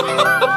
Ha ha ha!